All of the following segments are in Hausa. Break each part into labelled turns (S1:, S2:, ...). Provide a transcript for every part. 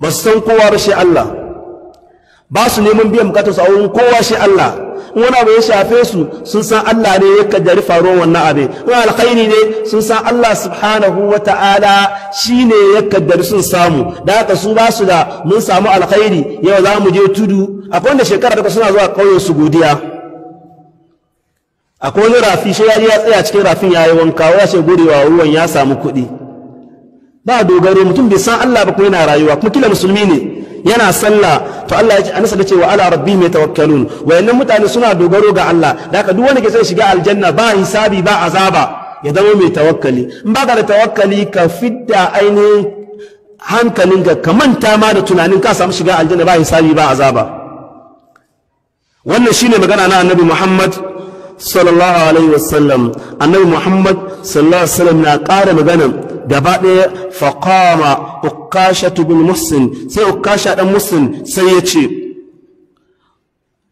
S1: ba su san kowa ba shi Allah ba su neman biyan bukatar su a wurin kowa shi Allah in wani abu ya shafe su sun san Allah ne ya kaddari faruwar wannan abu in alkhairi ne sun san Allah subhanahu wa ta'ala ne ya kaddari sun samu da haka su ba su da mun samu alkhairi yau za mu je tudu akwai wanda shekara daga suna zuwa ƙauyen su godiya akwai wani rafi shi ya tsaya cikin rafin ya yi wanka washe gurewa ruwan ya samu kuɗi ba dogaro mutum bai san Allah ba kuma yana rayuwa kuma kila musulmi ne yana sallah to Allah ya ce anasa ce wa ala rabbi mai tawakkalun wayannan mutane suna dogaro ga Allah da haka duk wanda ke son shiga aljanna ba hisabi ba azaba ya zama mai tawakkali in ba ka da tawakkali ka fidda ainihin ga ka manta ma da tunanin ka samu shiga aljanna ba hisabi ba azaba wannan shine magana na annabi Muhammad sallallahu alaihi wasallam annabi Muhammad sallallahu alaihi wasallam na ƙara magana gaba ɗaya faƙama ukasha tubin musin sai ukasha ɗan musin sai ya ce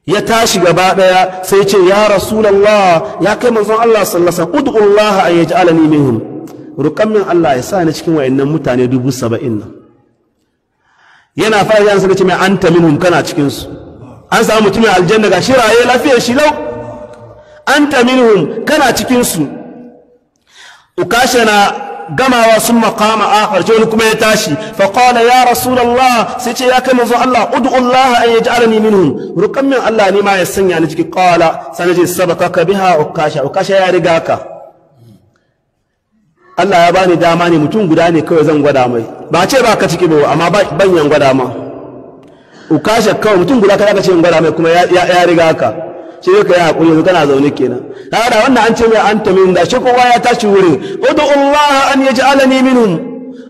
S1: ya tashi gaba ɗaya sai ce ya rasulallah ya kai manzon Allah sallasa a an alani minhum rukan min Allah ya sa ni cikin wayannan mutane dubu saba'in nan yana fara yan sai ce mai ta minhum kana cikin su an samu mutumin aljanna ga shi raye lafiyar shi lau ta minhum kana cikin su ukasha na gamawa sun makama a harshe wani kuma ya tashi fa qala ya Allah. sai ce ya kai mazu Allah ud'u Allah an yaj'alani minhum rukan min Allah ne ma ya sanya ni ciki qala sani ce ka biha ukasha ukasha ya riga ka Allah ya bani dama ne mutum guda ne kawai zan gwada mai ba ce ba ka ciki ba amma ban yan gwada ma ukasha kawai mutum guda ka ce gwada mai kuma ya riga ka shi ka yi hakuri yanzu tana zaune kenan kaga da wannan an ce mai anta min da shi kowa ya tashi wurin ud'ullaha an yaj'alani minhum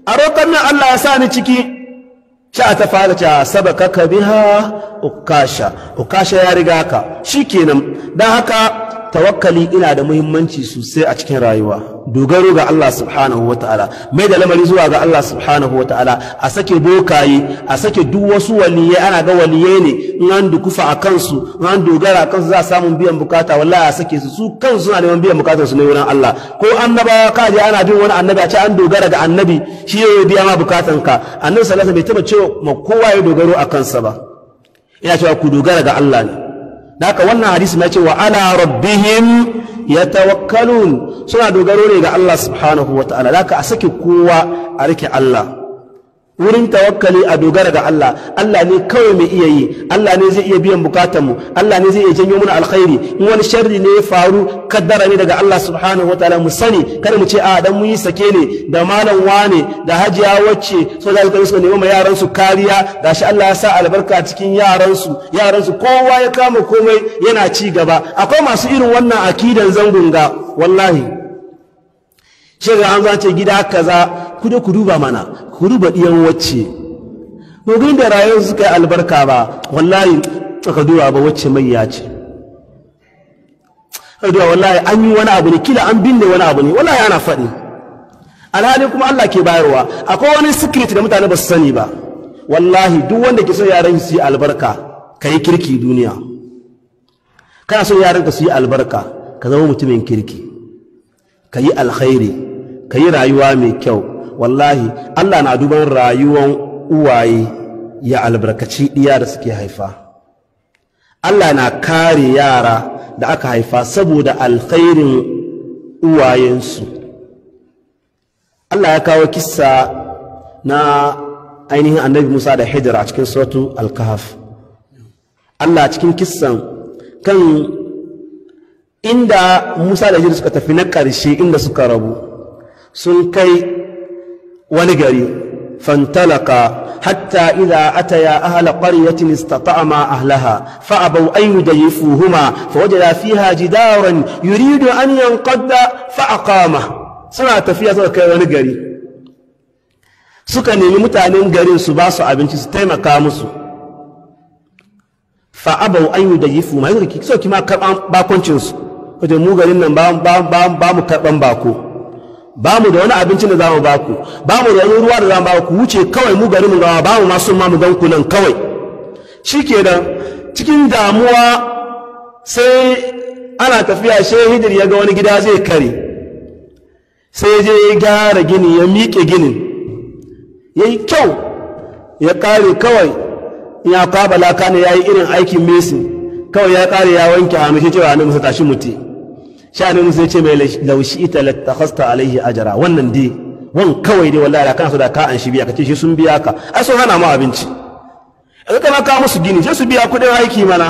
S1: a roƙon min Allah ya sa ni ciki a ta fara ta sabaka biha ukasha ukasha ya riga ka kenan dan haka tawakkali ina da muhimmanci sosai a cikin rayuwa dogaro ga Allah subhanahu ta'ala mai da lamari zuwa ga Allah subhanahu ta'ala a sake bokaye a sake duk wasu waliyai ana ga waliyai ne in an dukufa a kansu in an dogara a kansu za a samu biyan bukata wallahi a sake su su kansu suna neman biyan bukatar su ne wurin Allah ko annabawa ka je ana bin wani annabi a ce an dogara ga annabi shi ya biya ma bukatan ka annabi sallallahu alaihi wasallam bai taba cewa ma kowa ya dogaro a kansa ba ina cewa ku dogara ga Allah ne haka wannan hadisi na ce wa ala rabbihim yatawakkalun suna dogaro ne ga Allah subhanahu wataala haka a saki kowa a rike Allah wurin tawakkali a dogara ga Allah Allah ne kawai mai iya yi Allah ne zai iya biyan bukatanmu Allah ne zai iya janyo mana alkhairi in wani sharri ne ya faru kaddara ne daga Allah subhanahu wa ta'ala mu sani kada mu ce a dan mun yi sake ne da malam wane da hajiya wacce so za su kai su nemi ma yaran su kariya gashi Allah ya sa albarka cikin yaran su yaran su kowa ya kama komai yana ci gaba akwai masu irin wannan akidan zangunga wallahi shi ga an zace gida kaza ku dai ku duba mana ku duba ɗiyan wacce ba da rayuwar suka yi albarka ba wallahi aka duba ba wacce mai ya ce duba wallahi an yi wani abu ne kila an binne wani abu ne wallahi ana faɗi alhali kuma Allah ke bayarwa akwai wani secret da mutane ba su sani ba wallahi duk wanda ke son yaran su yi albarka ka yi kirki duniya kana son yaran ka su yi albarka ka zama mutumin kirki ka yi alkhairi ka yi rayuwa mai kyau wallahi Allah na duban rayuwan uwaye ya albarkaci ɗiya da suke haifa Allah na kare yara da aka haifa saboda alkhairin uwayensu Allah ya kawo kisa na ainihin annabi Musa da Hijira a cikin suratu al-Kahf Allah cikin kissan kan inda Musa da Hijira suka tafi na ƙarshe inda suka rabu sun kai wani gari fantalaka hatta idza ataya ahla qaryatin istata'ama ahlaha fa abaw an yudayfuhuma fi fiha jidaran yuridu an yanqadda fa aqama suna tafiya suka kai wani gari suka nemi mutanen garin su ba su abinci su taimaka musu fa abaw an yanzu ki so kima karban bakoncin su wajen mu garin nan ba mu karban bako ba mu da wani abincin da za mu ba ku ba mu da wani ruwa da za mu ba ku wuce kawai mu gari mu gawa ba mu masu ma mu gan ku nan kawai Shi ke nan cikin damuwa sai ana tafiya she hijir ya ga wani gida zai kare sai je ya gyara gini ya miƙe ginin ya yi kyau ya kare kawai ya kwabala kane ya yi irin aikin mesin kawai ya kare ya wanke hannu shi cewa hannun musa tashi mutum sha'anin musu ce mai laushi ita lattakhasta alaihi ajara wannan dai wan kawai dai wallahi kana su da ka an shi biya kace shi sun biya ka ai sun hana ma abinci in kana ka musu gini sai su biya kuɗin aiki mana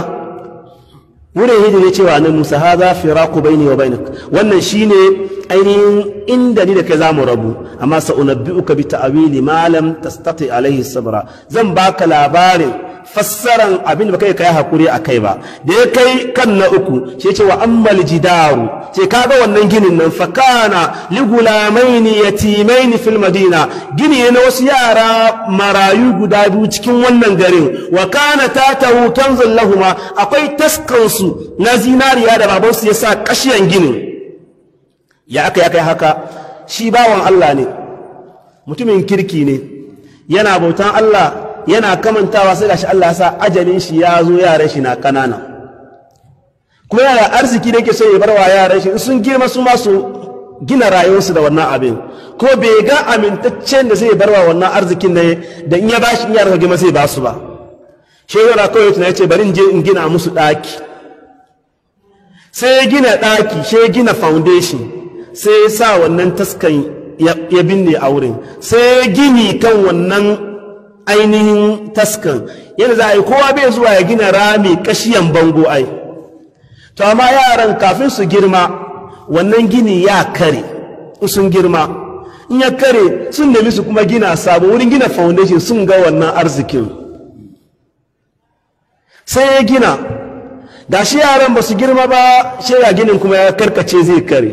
S1: wurin hijira cewa nan musa haza firaku baini wa bainak wannan shine ainihin inda ni da kai zamu rabu amma sa'unabbi'uka bi ta'wili ma lam tastati alaihi sabra zan baka labarin fassaran abin da ba kai kai hakuri a kai ba da ya kai kan na uku shi ce wa ammal jidaru ka ga wannan ginin nan Fakana kana li gulamaini yatimaini fil madina gini na wasu yara marayu guda biyu cikin wannan garin wa kana tatahu kanzul lahuma akwai taskan su na zinariya da baban su yasa kashiyan ginin ya aka ya kai haka shi bawan Allah ne mutumin kirki ne yana bautan Allah yana kamantawa sai gashi Allah ya sa ajalin shi ya zo yaran shi na kanana kuma yana arziki da yake so ya barwa yaran shi in sun girma su masu gina rayuwarsu da wannan abin ko bai ga amintaccen da zai barwa wannan arzikin ne da in ya ba shi in yaran girma sai ba su ba shi yana kawai tuna yace bari in je in gina musu daki sai ya gina daki sai ya gina foundation sai ya sa wannan taskan ya binne a wurin sai ya gini kan wannan ainihin taskan yadda za a yi kowa bai zuwa ya gina rami kashiyan bango ai to amma yaran kafin su girma wannan gini ya kare sun girma in ya kare sun nemi su kuma gina sabo wurin gina foundation sun ga wannan arzikin sai ya gina da shi yaran ba su girma ba shi ya ginin kuma ya karkace zai kare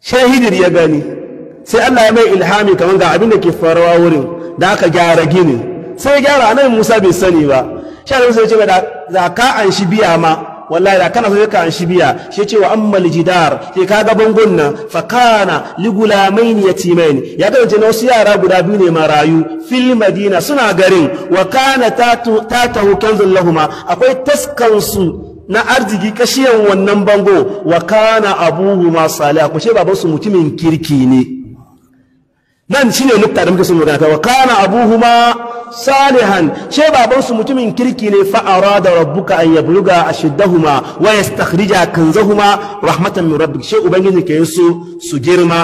S1: shahidir ya gani sai Allah ya mai ilhami kamar ga abin da ke farawa wurin da aka gyara gini sai gyara nan Musa bai sani ba shi ne sai ce da ka an shi biya ma wallahi da kana so ka an shi biya shi ce wa ammal jidar ke ka ga bangon nan fa kana li gulamain yatimain ya ga na wasu yara guda biyu ne marayu fil madina suna garin wa kana tatu tatahu kanzul lahuma akwai taskan su na arziki kashiyan wannan bango wa kana abuhuma salih ku baban babansu mutumin kirki ne nan ne nukta da muka sun magana wa kana abuhuma salihan she baban su mutumin kirki ne fa arada rabbuka an yabluga ashiddahuma wa yastakhrija kanzahuma rahmatan min rabbik she ubangiji ke so su girma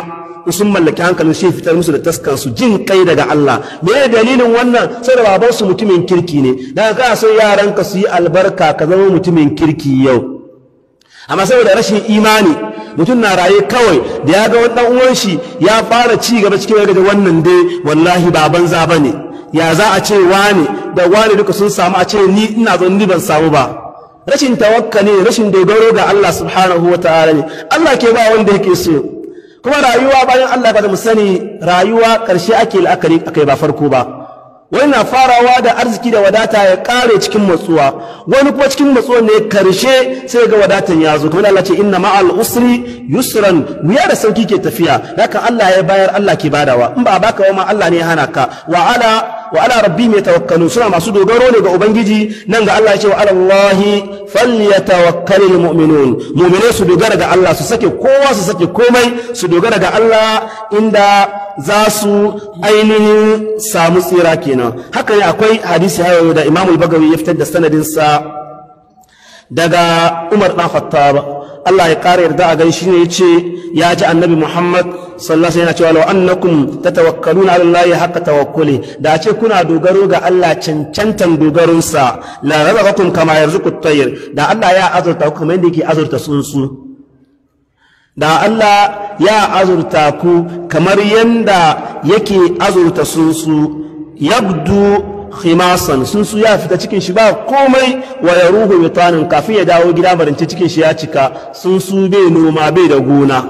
S1: sun mallaki hankalin shi fitar musu da taskan su jin kai daga Allah me ne dalilin wannan sai da baban su mutumin kirki ne daga ka so yaranka su yi albarka ka zama mutumin kirki yau amma saboda rashin imani mutum na raye kawai da ya ga wani dan uwan shi ya fara ci gaba cikin ya gaje wannan dai wallahi ba banza bane ya za a ce wane da wane duka sun samu a ce ni ina zo ni ban samu ba rashin tawakka ne? rashin dogaro ga Allah subhanahu wa ta'ala ne Allah ke ba wanda yake so kuma rayuwa bayan Allah ba da mu sani rayuwa ƙarshe ake la'akari akai ba farko ba wani na farawa da arziki da wadata ya kare cikin matsuwa wani kuma cikin matsuwa ne karshe sai ga wadatan ya zo kuma Allah ce inna ma'al usri yusran wuya da sauki ke tafiya haka Allah ya bayar Allah ke badawa in ba baka wa ma Allah ne ya hana ka wa ala wa ala rabbi mai tawakkalu suna masu dogaro ne ga ubangiji nan ga Allah ya ce wa ala allahi falyatawakkalul mu'minun mu'mine su dogara ga Allah su sake kowa su sake komai su dogara ga Allah inda za su ainihin samu tsira kenan haka ne akwai hadisi hayo da imamul bagawi ya fitar da sanadinsa daga umar ɗan khattab Allah ya ƙara yarda a gani ne yace ya ji annabi Muhammad sallallahu alaihi wasallam yana cewa law annakum tatawakkaluna ala Allah haqqa tawakkuli da ce kuna dogaro ga Allah cancantan dogaronsa la razaqakum kama yarzuqut tayr da Allah ya azurta ku kamar yadda yake azurta tsuntsu da Allah ya azurta ku kamar yanda yake azurta sunsu yabdu khimasan sunsu ya fita cikin shi ba komai wa ya ruhu mutanin kafin ya dawo gida barinci cikin shi ya cika sunsu bai noma bai da gona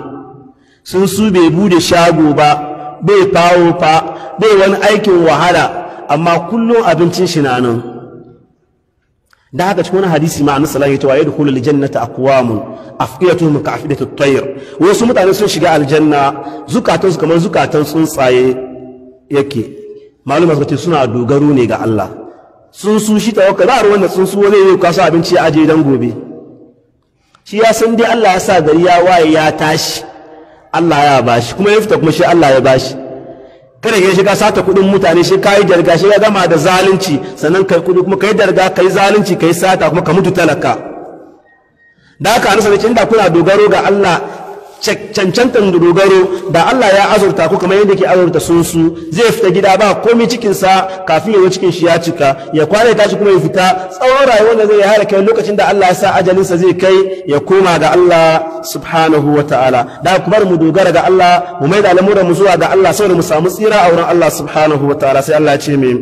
S1: sunsu bai bude shago ba bai fawo fa bai wani aikin wahala amma kullum abincin shi na nan da haka cikin wani hadisi ma annabi sallallahu alaihi wasallam ya dukulu aljannata aqwamun afqiyatuhum ka afidatu at-tayr wasu mutane sun shiga aljanna zukatansu kamar zukatan tsuntsaye yake maluma suka suna dogaro ne ga Allah su shi tawakka za a ruwan da su wani yau ka abinci ya aje dan gobe shi ya san dai Allah ya sa gari ya waye ya tashi Allah ya bashi kuma ya fita kuma shi Allah ya bashi kada ya shiga sata kuɗin mutane shi kayi darga shi ya gama da zalunci sannan kai kudi kuma kai darga kai zalunci kai sata kuma ka mutu talaka da haka sanin ce da kuna dogaro ga Allah cancantan dogaro da Allah ya azurta ku kamar yadda ke azurta sun zai fita gida ba komai cikin sa kafin ya cikin shi ya cika ya kwana tashi kuma ya fita tsawon rayuwar da zai hara kai lokacin da Allah ya sa ajalin zai kai ya koma ga Allah subhanahu wa ta'ala da kuma mu dogara ga Allah mu mai da lamuran mu zuwa ga Allah saboda mu samu tsira a wurin Allah subhanahu wa ta'ala sai Allah ya ce mai